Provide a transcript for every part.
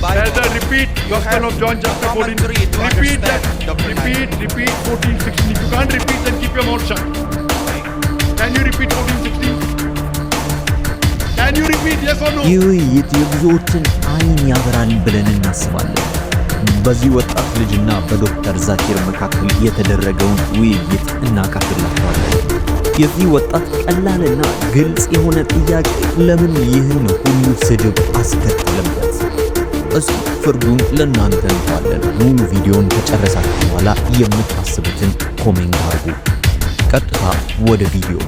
There's a repeat Gospel of John chapter 14. Repeat that. Repeat, repeat 14, 16. If you can't repeat, then keep your mouth shut. Can you repeat 14, 16? repeat yes or no? ይህ ውይይት የብዙዎችን አይን ያበራል ብለን እናስባለን። በዚህ ወጣት ልጅና በዶክተር ዛኪር መካከል የተደረገውን ውይይት እናካፍላችኋለን። የዚህ ወጣት ቀላልና ግልጽ የሆነ ጥያቄ ለምን ይህን ሁሉ ስድብ አስከተለም? እሱ ፍርዱን ለእናንተ እንተዋለን። ሙሉ ቪዲዮን ከጨረሳችሁ በኋላ የምታስቡትን ኮሜንት አድርጉ። ቀጥታ ወደ ቪዲዮ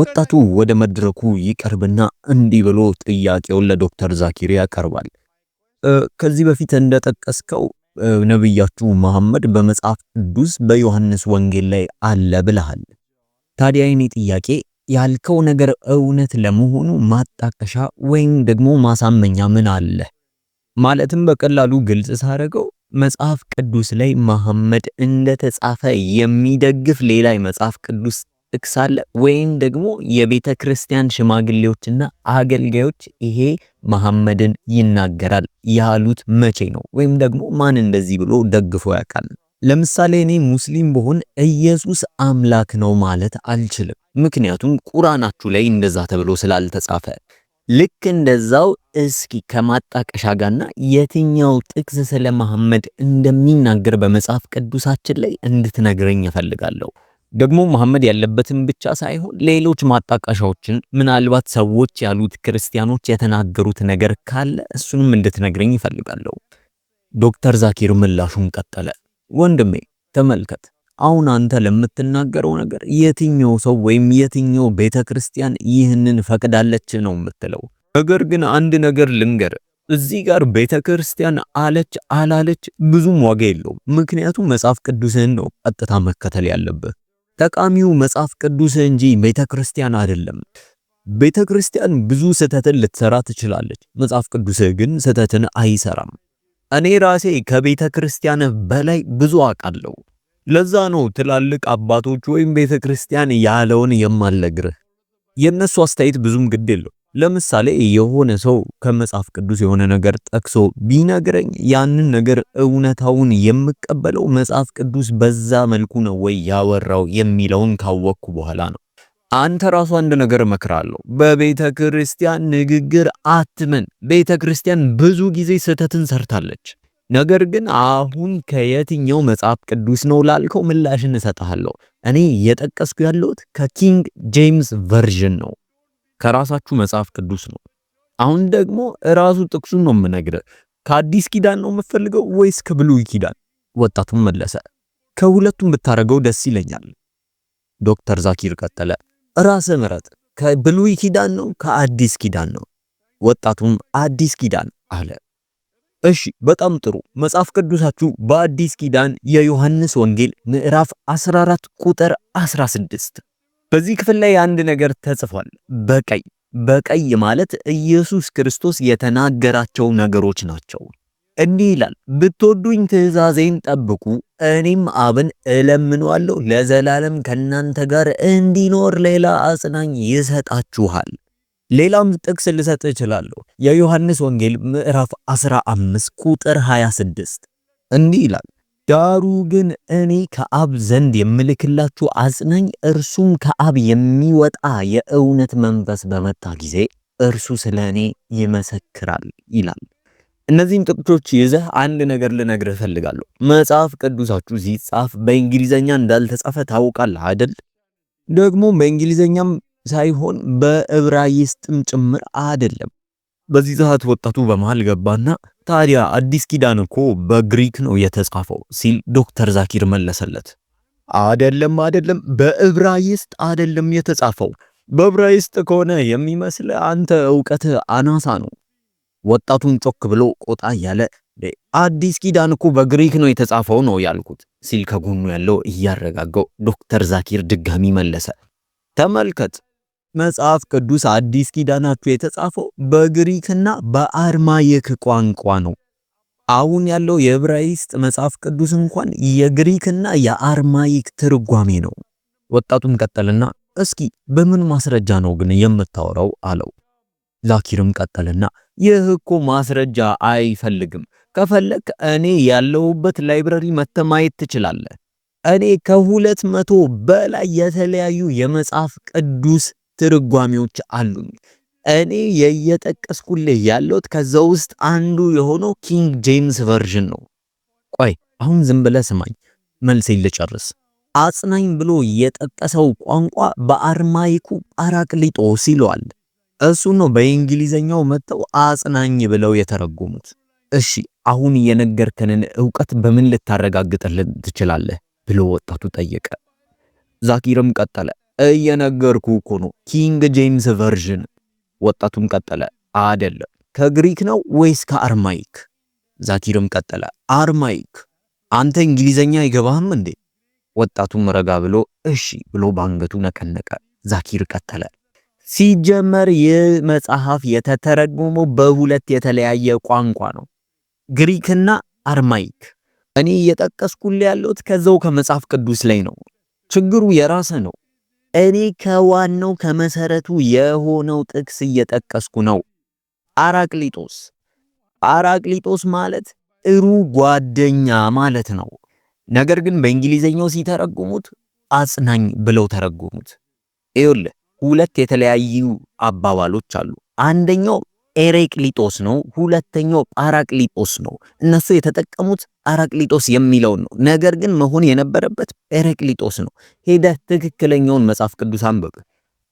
ወጣቱ ወደ መድረኩ ይቀርብና እንዲህ ብሎ ጥያቄውን ለዶክተር ዛኪር ያቀርባል። ከዚህ በፊት እንደጠቀስከው ነቢያችሁ መሐመድ በመጽሐፍ ቅዱስ በዮሐንስ ወንጌል ላይ አለ ብለሃል። ታዲያ የኔ ጥያቄ ያልከው ነገር እውነት ለመሆኑ ማጣቀሻ ወይም ደግሞ ማሳመኛ ምን አለ? ማለትም በቀላሉ ግልጽ ሳደርገው መጽሐፍ ቅዱስ ላይ መሐመድ እንደተጻፈ የሚደግፍ ሌላ መጽሐፍ ቅዱስ ጥቅስ አለ ወይም ደግሞ የቤተ ክርስቲያን ሽማግሌዎችና አገልጋዮች ይሄ መሐመድን ይናገራል ያሉት መቼ ነው? ወይም ደግሞ ማን እንደዚህ ብሎ ደግፎ ያውቃል? ለምሳሌ እኔ ሙስሊም ብሆን ኢየሱስ አምላክ ነው ማለት አልችልም። ምክንያቱም ቁርአናችሁ ላይ እንደዛ ተብሎ ስላልተጻፈ። ልክ እንደዛው እስኪ ከማጣቀሻ ጋርና የትኛው ጥቅስ ስለ መሐመድ እንደሚናገር በመጽሐፍ ቅዱሳችን ላይ እንድትነግረኝ እፈልጋለሁ። ደግሞ መሐመድ ያለበትን ብቻ ሳይሆን ሌሎች ማጣቀሻዎችን ምናልባት ሰዎች ያሉት ክርስቲያኖች የተናገሩት ነገር ካለ እሱንም እንድትነግረኝ ይፈልጋለሁ። ዶክተር ዛኪር ምላሹን ቀጠለ። ወንድሜ ተመልከት፣ አሁን አንተ ለምትናገረው ነገር የትኛው ሰው ወይም የትኛው ቤተ ክርስቲያን ይህንን ፈቅዳለች ነው የምትለው? ነገር ግን አንድ ነገር ልንገር እዚህ ጋር ቤተ ክርስቲያን አለች አላለች ብዙም ዋጋ የለውም። ምክንያቱም መጽሐፍ ቅዱስህን ነው ቀጥታ መከተል ያለብህ። ጠቃሚው መጽሐፍ ቅዱስ እንጂ ቤተ ክርስቲያን አይደለም። ቤተ ክርስቲያን ብዙ ስህተትን ልትሰራ ትችላለች። መጽሐፍ ቅዱስ ግን ስህተትን አይሰራም። እኔ ራሴ ከቤተ ክርስቲያን በላይ ብዙ አውቃለሁ። ለዛ ነው ትላልቅ አባቶች ወይም ቤተ ክርስቲያን ያለውን የማልነግርህ። የእነሱ አስተያየት ብዙም ግድ የለው። ለምሳሌ የሆነ ሰው ከመጽሐፍ ቅዱስ የሆነ ነገር ጠቅሶ ቢነግረኝ ያንን ነገር እውነታውን የምቀበለው መጽሐፍ ቅዱስ በዛ መልኩ ነው ወይ ያወራው የሚለውን ካወቅኩ በኋላ ነው። አንተ ራሱ አንድ ነገር እመክራለሁ፣ በቤተ ክርስቲያን ንግግር አትመን። ቤተ ክርስቲያን ብዙ ጊዜ ስህተትን ሰርታለች። ነገር ግን አሁን ከየትኛው መጽሐፍ ቅዱስ ነው ላልከው ምላሽን እሰጣለሁ እኔ እየጠቀስኩ ያለሁት ከኪንግ ጄምስ ቨርዥን ነው። ከራሳችሁ መጽሐፍ ቅዱስ ነው። አሁን ደግሞ ራሱ ጥቅሱን ነው የምነግርህ። ከአዲስ ኪዳን ነው የምፈልገው ወይስ ከብሉይ ኪዳን? ወጣቱም መለሰ፣ ከሁለቱም ብታረገው ደስ ይለኛል። ዶክተር ዛኪር ቀጠለ፣ ራሰ ምረጥ። ከብሉይ ኪዳን ነው ከአዲስ ኪዳን ነው? ወጣቱም አዲስ ኪዳን አለ። እሺ በጣም ጥሩ። መጽሐፍ ቅዱሳችሁ በአዲስ ኪዳን የዮሐንስ ወንጌል ምዕራፍ 14 ቁጥር 16 በዚህ ክፍል ላይ አንድ ነገር ተጽፏል በቀይ በቀይ ማለት ኢየሱስ ክርስቶስ የተናገራቸው ነገሮች ናቸው። እንዲህ ይላል፣ ብትወዱኝ ትእዛዜን ጠብቁ፣ እኔም አብን እለምነዋለሁ ለዘላለም ከእናንተ ጋር እንዲኖር ሌላ አጽናኝ ይሰጣችኋል። ሌላም ጥቅስ ልሰጥ እችላለሁ። የዮሐንስ ወንጌል ምዕራፍ 15 ቁጥር 26 እንዲህ ይላል ዳሩ ግን እኔ ከአብ ዘንድ የምልክላችሁ አጽናኝ እርሱም ከአብ የሚወጣ የእውነት መንፈስ በመጣ ጊዜ እርሱ ስለ እኔ ይመሰክራል ይላል። እነዚህም ጥቅሶች ይዘህ አንድ ነገር ልነግር እፈልጋለሁ። መጽሐፍ ቅዱሳችሁ ሲጻፍ በእንግሊዘኛ እንዳልተጻፈ ታውቃለህ አይደል? ደግሞ በእንግሊዘኛም ሳይሆን በዕብራይስጥም ጭምር አይደለም። በዚህ ሰዓት ወጣቱ በመሃል ገባና ታዲያ አዲስ ኪዳን እኮ በግሪክ ነው የተጻፈው ሲል ዶክተር ዛኪር መለሰለት። አደለም አደለም፣ በዕብራይስጥ አደለም የተጻፈው። በዕብራይስጥ ከሆነ የሚመስል አንተ እውቀት አናሳ ነው። ወጣቱን ጮክ ብሎ ቆጣ ያለ አዲስ ኪዳን እኮ በግሪክ ነው የተጻፈው ነው ያልኩት ሲል ከጎኑ ያለው እያረጋገው ዶክተር ዛኪር ድጋሚ መለሰ። ተመልከት መጽሐፍ ቅዱስ አዲስ ኪዳናችሁ የተጻፈው በግሪክና በአርማይክ ቋንቋ ነው። አሁን ያለው የዕብራይስጥ መጽሐፍ ቅዱስ እንኳን የግሪክና የአርማይክ ትርጓሜ ነው። ወጣቱም ቀጠልና እስኪ በምን ማስረጃ ነው ግን የምታወራው አለው። ዛኪርም ቀጠልና ይህ እኮ ማስረጃ አይፈልግም። ከፈለክ እኔ ያለሁበት ላይብረሪ መተማየት ትችላለህ። እኔ ከሁለት መቶ በላይ የተለያዩ የመጽሐፍ ቅዱስ ትርጓሚዎች አሉኝ። እኔ የየጠቀስኩልህ ያለሁት ከዛ ውስጥ አንዱ የሆነው ኪንግ ጄምስ ቨርዥን ነው። ቆይ አሁን ዝም ብለህ ስማኝ፣ መልስ ልጨርስ። አጽናኝ ብሎ የጠቀሰው ቋንቋ በአርማይኩ ጳራቅሊጦስ ይለዋል። እሱ ነው በእንግሊዘኛው መጥተው አጽናኝ ብለው የተረጎሙት። እሺ አሁን የነገርከንን እውቀት በምን ልታረጋግጥልን ትችላለህ? ብሎ ወጣቱ ጠየቀ። ዛኪርም ቀጠለ። እየነገርኩ እኮ ነው። ኪንግ ጄምስ ቨርዥን። ወጣቱም ቀጠለ፣ አይደለም ከግሪክ ነው ወይስ ከአርማይክ? ዛኪርም ቀጠለ፣ አርማይክ። አንተ እንግሊዘኛ አይገባህም እንዴ? ወጣቱም ረጋ ብሎ እሺ ብሎ ባንገቱ ነቀነቀ። ዛኪር ቀጠለ፣ ሲጀመር ይህ መጽሐፍ የተተረጎመው በሁለት የተለያየ ቋንቋ ነው፣ ግሪክና አርማይክ። እኔ እየጠቀስኩልህ ያለሁት ከዛው ከመጽሐፍ ቅዱስ ላይ ነው። ችግሩ የራስህ ነው። እኔ ከዋናው ከመሰረቱ የሆነው ጥቅስ እየጠቀስኩ ነው። አራቅሊጦስ አራቅሊጦስ ማለት ጥሩ ጓደኛ ማለት ነው። ነገር ግን በእንግሊዘኛው ሲተረጉሙት አጽናኝ ብለው ተረጉሙት። ይኸውልህ ሁለት የተለያዩ አባባሎች አሉ። አንደኛው ኤሬቅሊጦስ ነው። ሁለተኛው ጳራቅሊጦስ ነው። እነሱ የተጠቀሙት ጳራቅሊጦስ የሚለውን ነው። ነገር ግን መሆን የነበረበት ኤሬቅሊጦስ ነው። ሄደህ ትክክለኛውን መጽሐፍ ቅዱስ አንብብ።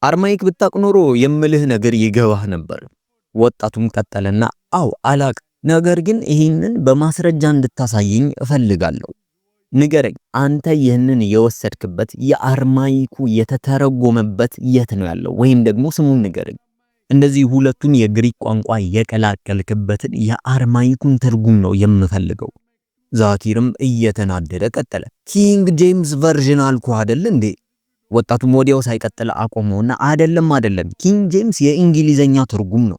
አርማይክ ብታቅ ኖሮ የምልህ ነገር ይገባህ ነበር። ወጣቱም ቀጠለና አው አላቅ፣ ነገር ግን ይህንን በማስረጃ እንድታሳየኝ እፈልጋለሁ። ንገረኝ፣ አንተ ይህንን የወሰድክበት የአርማይኩ የተተረጎመበት የት ነው ያለው? ወይም ደግሞ ስሙን ንገረኝ። እነዚህ ሁለቱን የግሪክ ቋንቋ የቀላቀልክበትን የአርማይኩን ትርጉም ነው የምፈልገው። ዛኪርም እየተናደደ ቀጠለ። ኪንግ ጄምስ ቨርዥን አልኩ አደል እንዴ? ወጣቱም ወዲያው ሳይቀጥል አቆመውና አደለም አደለም፣ ኪንግ ጄምስ የእንግሊዘኛ ትርጉም ነው።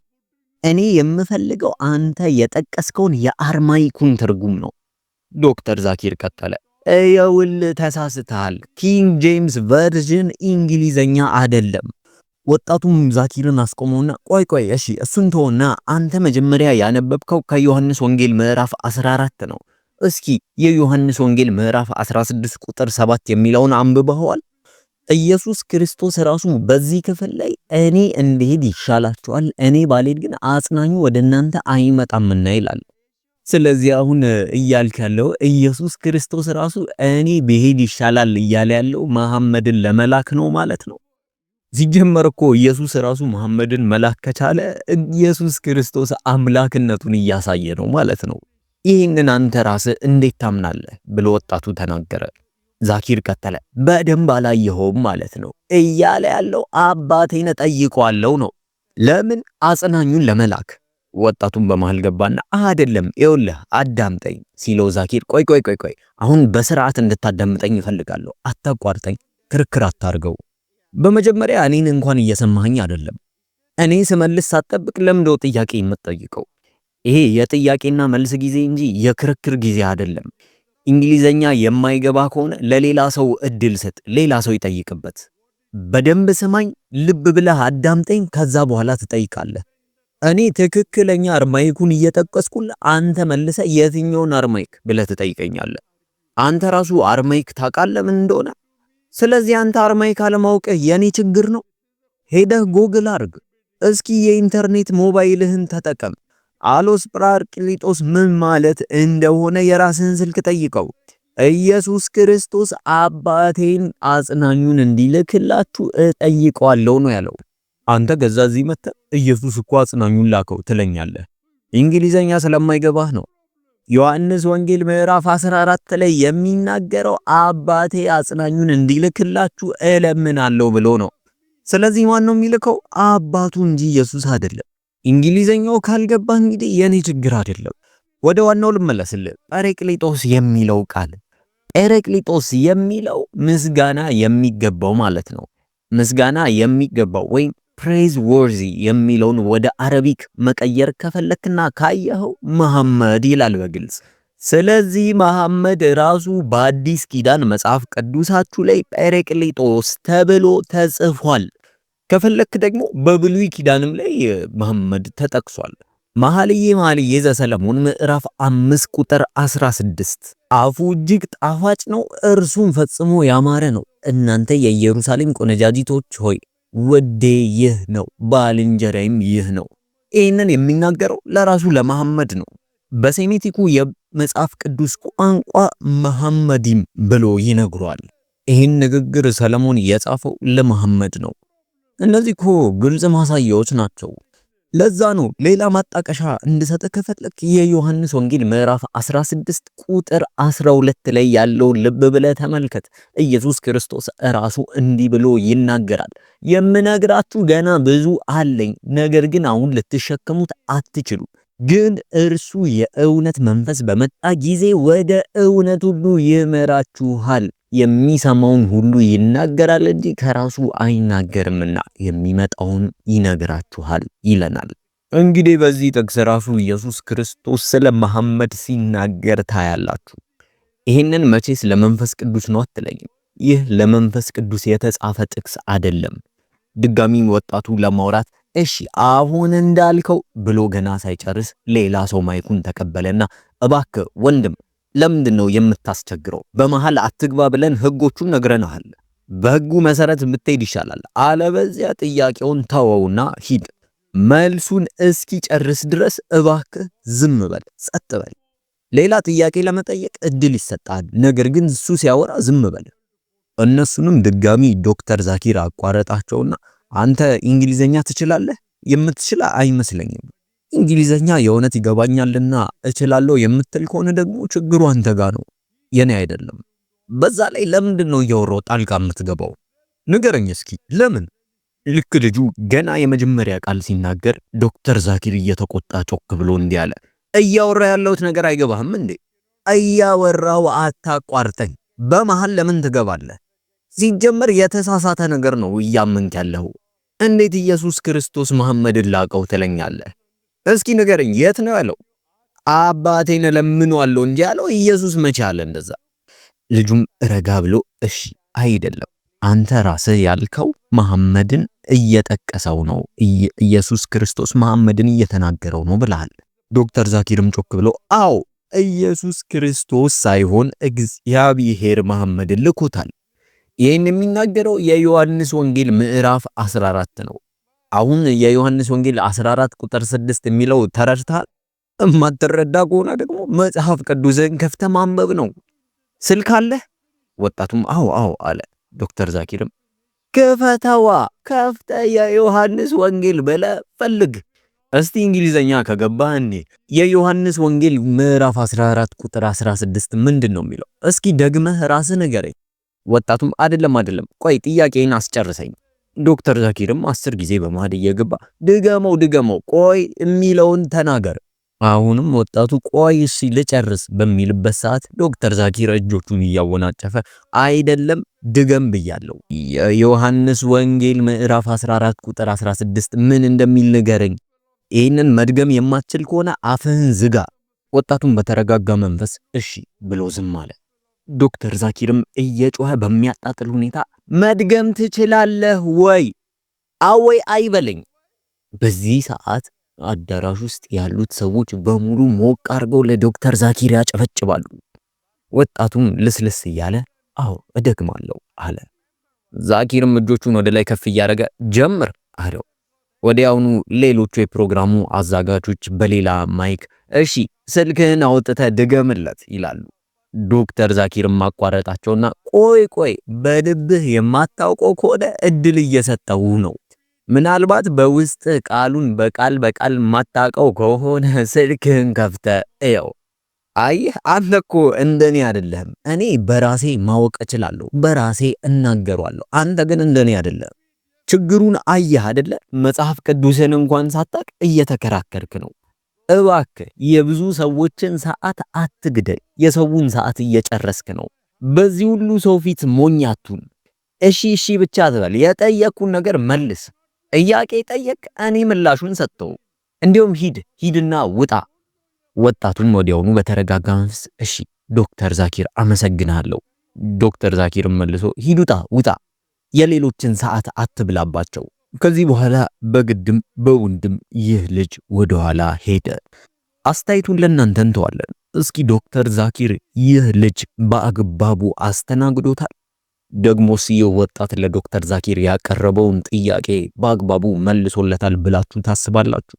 እኔ የምፈልገው አንተ የጠቀስከውን የአርማይኩን ትርጉም ነው። ዶክተር ዛኪር ቀጠለ። የውል ተሳስተሃል። ኪንግ ጄምስ ቨርዥን እንግሊዘኛ አደለም ወጣቱም ዛኪርን አስቆመውና ቆይ ቆይ እሺ እሱን ተወና አንተ መጀመሪያ ያነበብከው ከዮሐንስ ወንጌል ምዕራፍ 14 ነው። እስኪ የዮሐንስ ወንጌል ምዕራፍ 16 ቁጥር 7 የሚለውን አንብበዋል። ኢየሱስ ክርስቶስ ራሱ በዚህ ክፍል ላይ እኔ እንድሄድ ይሻላችኋል፣ እኔ ባልሄድ ግን አጽናኙ ወደ እናንተ አይመጣምና ይላል። ስለዚህ አሁን እያልክ ያለው ኢየሱስ ክርስቶስ ራሱ እኔ ብሄድ ይሻላል እያለ ያለው መሐመድን ለመላክ ነው ማለት ነው። ሲጀመር እኮ ኢየሱስ ራሱ መሐመድን መላክ ከቻለ ኢየሱስ ክርስቶስ አምላክነቱን እያሳየ ነው ማለት ነው። ይህንን አንተ ራስህ እንዴት ታምናለህ? ብሎ ወጣቱ ተናገረ። ዛኪር ቀጠለ፣ በደንብ አላየኸውም ማለት ነው እያለ ያለው አባቴን እጠይቀዋለሁ ነው። ለምን አጽናኙን ለመላክ ወጣቱን በመሃል ገባና አይደለም፣ ይኸውልህ አዳምጠኝ ሲለው ዛኪር ቆይ ቆይ ቆይ ቆይ፣ አሁን በስርዓት እንድታዳምጠኝ ፈልጋለሁ አታቋርጠኝ፣ ክርክር አታርገው በመጀመሪያ እኔን እንኳን እየሰማኸኝ አይደለም። እኔ ስመልስ ሳትጠብቅ ለምንድነው ጥያቄ የምትጠይቀው? ይሄ የጥያቄና መልስ ጊዜ እንጂ የክርክር ጊዜ አይደለም። እንግሊዘኛ የማይገባ ከሆነ ለሌላ ሰው እድል ስጥ፣ ሌላ ሰው ይጠይቅበት። በደንብ ስማኝ፣ ልብ ብለህ አዳምጠኝ፣ ከዛ በኋላ ትጠይቃለህ። እኔ ትክክለኛ አርማይኩን እየጠቀስኩል አንተ መልሰ የትኛውን አርማይክ ብለህ ትጠይቀኛለህ። አንተ ራሱ አርማይክ ታውቃለህ ምን እንደሆነ? ስለዚህ አንተ አርማዬ ካለማውቅህ የኔ ችግር ነው። ሄደህ ጎግል አርግ እስኪ የኢንተርኔት ሞባይልህን ተጠቀም። አሎስ ጰራቅሊጦስ ምን ማለት እንደሆነ የራስህን ስልክ ጠይቀው። ኢየሱስ ክርስቶስ አባቴን አጽናኙን እንዲልክላችሁ እጠይቀዋለሁ ነው ያለው። አንተ ገዛ እዚህ መጥተህ ኢየሱስ እኮ አጽናኙን ላከው ትለኛለህ። እንግሊዘኛ ስለማይገባህ ነው። ዮሐንስ ወንጌል ምዕራፍ 14 ላይ የሚናገረው አባቴ አጽናኙን እንዲልክላችሁ እለምናለሁ ብሎ ነው። ስለዚህ ማን ነው የሚልከው? አባቱ እንጂ ኢየሱስ አይደለም። እንግሊዘኛው ካልገባ እንግዲህ የኔ ችግር አይደለም። ወደ ዋናው ልመለስልህ። ጰራቅሊጦስ የሚለው ቃል ጰራቅሊጦስ የሚለው ምስጋና የሚገባው ማለት ነው። ምስጋና የሚገባው ወይም ፕሬዝ ወርዚ የሚለውን ወደ አረቢክ መቀየር ከፈለክና ካየኸው መሐመድ ይላል በግልጽ። ስለዚህ መሐመድ ራሱ በአዲስ ኪዳን መጽሐፍ ቅዱሳችሁ ላይ ጴሬቅሊጦስ ተብሎ ተጽፏል። ከፈለክ ደግሞ በብሉይ ኪዳንም ላይ መሐመድ ተጠቅሷል። መኃልየ መኃልይ ዘሰለሞን ምዕራፍ 5 ቁጥር 16 አፉ እጅግ ጣፋጭ ነው፣ እርሱም ፈጽሞ ያማረ ነው። እናንተ የኢየሩሳሌም ቆነጃጅቶች ሆይ ወዴ ይህ ነው፣ ባልንጀራይም ይህ ነው። ይህንን የሚናገረው ለራሱ ለመሐመድ ነው። በሴሜቲኩ የመጽሐፍ ቅዱስ ቋንቋ መሐመዲም ብሎ ይነግሯል። ይህን ንግግር ሰለሞን የጻፈው ለመሐመድ ነው። እነዚህ እኮ ግልጽ ማሳያዎች ናቸው። ለዛ ነው ሌላ ማጣቀሻ እንድሰጥ ከፈለክ የዮሐንስ ወንጌል ምዕራፍ 16 ቁጥር 12 ላይ ያለውን ልብ ብለህ ተመልከት። ኢየሱስ ክርስቶስ ራሱ እንዲህ ብሎ ይናገራል፣ የምነግራችሁ ገና ብዙ አለኝ፣ ነገር ግን አሁን ልትሸከሙት አትችሉ። ግን እርሱ የእውነት መንፈስ በመጣ ጊዜ ወደ እውነት ሁሉ ይመራችኋል የሚሰማውን ሁሉ ይናገራል እንጂ ከራሱ አይናገርምና የሚመጣውን ይነግራችኋል ይለናል። እንግዲህ በዚህ ጥቅስ ራሱ ኢየሱስ ክርስቶስ ስለ መሐመድ ሲናገር ታያላችሁ። ይህንን መቼስ ለመንፈስ ቅዱስ ነው አትለኝም። ይህ ለመንፈስ ቅዱስ የተጻፈ ጥቅስ አይደለም። ድጋሚም ወጣቱ ለማውራት እሺ አሁን እንዳልከው ብሎ ገና ሳይጨርስ ሌላ ሰው ማይኩን ተቀበለና እባክ ወንድም ለምንድን ነው የምታስቸግረው? በመሃል አትግባ ብለን ህጎቹን ነግረናል። በህጉ መሰረት የምትሄድ ይሻላል። አለበዚያ ጥያቄውን ተወውና ሂድ። መልሱን እስኪ ጨርስ ድረስ እባክህ ዝም በል፣ ጸጥ በል። ሌላ ጥያቄ ለመጠየቅ እድል ይሰጣል። ነገር ግን እሱ ሲያወራ ዝም በል። እነሱንም ድጋሚ ዶክተር ዛኪር አቋረጣቸውና አንተ እንግሊዘኛ ትችላለህ? የምትችል አይመስለኝም እንግሊዘኛ የእውነት ይገባኛልና እችላለሁ የምትል ከሆነ ደግሞ ችግሩ አንተ ጋ ነው፣ የኔ አይደለም። በዛ ላይ ለምንድን ነው እያወራው ጣልቃ የምትገባው? ንገረኝ እስኪ ለምን? ልክ ልጁ ገና የመጀመሪያ ቃል ሲናገር ዶክተር ዛኪር እየተቆጣ ጮክ ብሎ እንዲህ አለ። እያወራ ያለሁት ነገር አይገባህም እንዴ? እያወራው አታቋርጠኝ። በመሃል ለምን ትገባለህ? ሲጀመር የተሳሳተ ነገር ነው እያመንክ ያለው። እንዴት ኢየሱስ ክርስቶስ መሐመድን ላቀው ትለኛለህ? እስኪ ንገረኝ የት ነው ያለው? አባቴን እለምነዋለሁ እንጂ ያለው ኢየሱስ መቼ አለ እንደዛ? ልጁም ረጋ ብሎ እሺ አይደለም አንተ ራስህ ያልከው መሐመድን እየጠቀሰው ነው፣ ኢየሱስ ክርስቶስ መሐመድን እየተናገረው ነው ብለሃል። ዶክተር ዛኪርም ጮክ ብሎ አዎ ኢየሱስ ክርስቶስ ሳይሆን እግዚአብሔር መሐመድን ልኮታል። ይህን የሚናገረው የዮሐንስ ወንጌል ምዕራፍ 14 ነው። አሁን የዮሐንስ ወንጌል 14 ቁጥር 6 የሚለው ተረድተሃል። እማትረዳ ከሆነ ደግሞ መጽሐፍ ቅዱስን ከፍተህ ማንበብ ነው። ስልክ አለ ወጣቱም አዎ አዎ አለ። ዶክተር ዛኪርም ክፈተዋ ከፍተ የዮሐንስ ወንጌል በለ ፈልግ። እስቲ እንግሊዘኛ ከገባህ እኔ የዮሐንስ ወንጌል ምዕራፍ 14 ቁጥር 16 ምንድን ነው የሚለው? እስኪ ደግመህ ራስህ ንገረኝ። ወጣቱም አይደለም አይደለም፣ ቆይ ጥያቄን አስጨርሰኝ ዶክተር ዛኪርም አስር ጊዜ በመሃል እየገባ ድገመው ድገመው ቆይ የሚለውን ተናገር። አሁንም ወጣቱ ቆይ እሺ ልጨርስ በሚልበት ሰዓት ዶክተር ዛኪር እጆቹን እያወናጨፈ አይደለም ድገም ብያለው። የዮሐንስ ወንጌል ምዕራፍ 14 ቁጥር 16 ምን እንደሚል ንገረኝ። ይህንን መድገም የማትችል ከሆነ አፍህን ዝጋ። ወጣቱን በተረጋጋ መንፈስ እሺ ብሎ ዝም አለ። ዶክተር ዛኪርም እየጮኸ በሚያጣጥል ሁኔታ መድገም ትችላለህ ወይ? አወይ አይበለኝ። በዚህ ሰዓት አዳራሽ ውስጥ ያሉት ሰዎች በሙሉ ሞቅ አድርገው ለዶክተር ዛኪር ያጨበጭባሉ። ወጣቱም ልስልስ እያለ አዎ እደግማለሁ አለ። ዛኪርም እጆቹን ወደ ላይ ከፍ እያደረገ ጀምር አለው። ወዲያውኑ ሌሎቹ የፕሮግራሙ አዘጋጆች በሌላ ማይክ እሺ ስልክህን አውጥተ ድገምለት ይላሉ። ዶክተር ዛኪር ማቋረጣቸውና ቆይ ቆይ በልብህ የማታውቀው ከሆነ እድል እየሰጠው ነው። ምናልባት በውስጥ ቃሉን በቃል በቃል ማታውቀው ከሆነ ስልክህን ከፍተ እየው። አየህ አንተ እኮ እንደኔ አይደለም እኔ በራሴ ማወቅ እችላለሁ፣ በራሴ እናገሯለሁ። አንተ ግን እንደኔ አይደለም። ችግሩን አየህ አይደለ? መጽሐፍ ቅዱስን እንኳን ሳታቅ እየተከራከርክ ነው። እባክ የብዙ ሰዎችን ሰዓት አትግደል። የሰውን ሰዓት እየጨረስክ ነው። በዚህ ሁሉ ሰው ፊት ሞኛቱን እሺ እሺ ብቻ ትበል። የጠየቅኩን ነገር መልስ። ጥያቄ ጠየቅ፣ እኔ ምላሹን ሰጠው። እንዲሁም ሂድ ሂድና ውጣ። ወጣቱም ወዲያውኑ በተረጋጋ መንፈስ እሺ ዶክተር ዛኪር አመሰግናለሁ። ዶክተር ዛኪር መልሶ ሂድ ውጣ ውጣ፣ የሌሎችን ሰዓት አትብላባቸው ከዚህ በኋላ በግድም በውንድም ይህ ልጅ ወደኋላ ሄደ። አስተያየቱን ለእናንተ እንተዋለን። እስኪ ዶክተር ዛኪር ይህ ልጅ በአግባቡ አስተናግዶታል? ደግሞ ይህ ወጣት ለዶክተር ዛኪር ያቀረበውን ጥያቄ በአግባቡ መልሶለታል ብላችሁ ታስባላችሁ?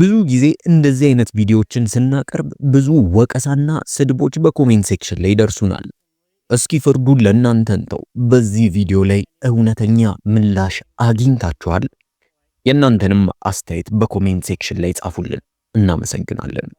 ብዙ ጊዜ እንደዚህ አይነት ቪዲዮዎችን ስናቀርብ ብዙ ወቀሳና ስድቦች በኮሜንት ሴክሽን ላይ ይደርሱናል። እስኪ ፍርዱን ለእናንተን ተው። በዚህ ቪዲዮ ላይ እውነተኛ ምላሽ አግኝታችኋል? የእናንተንም አስተያየት በኮሜንት ሴክሽን ላይ ጻፉልን። እናመሰግናለን።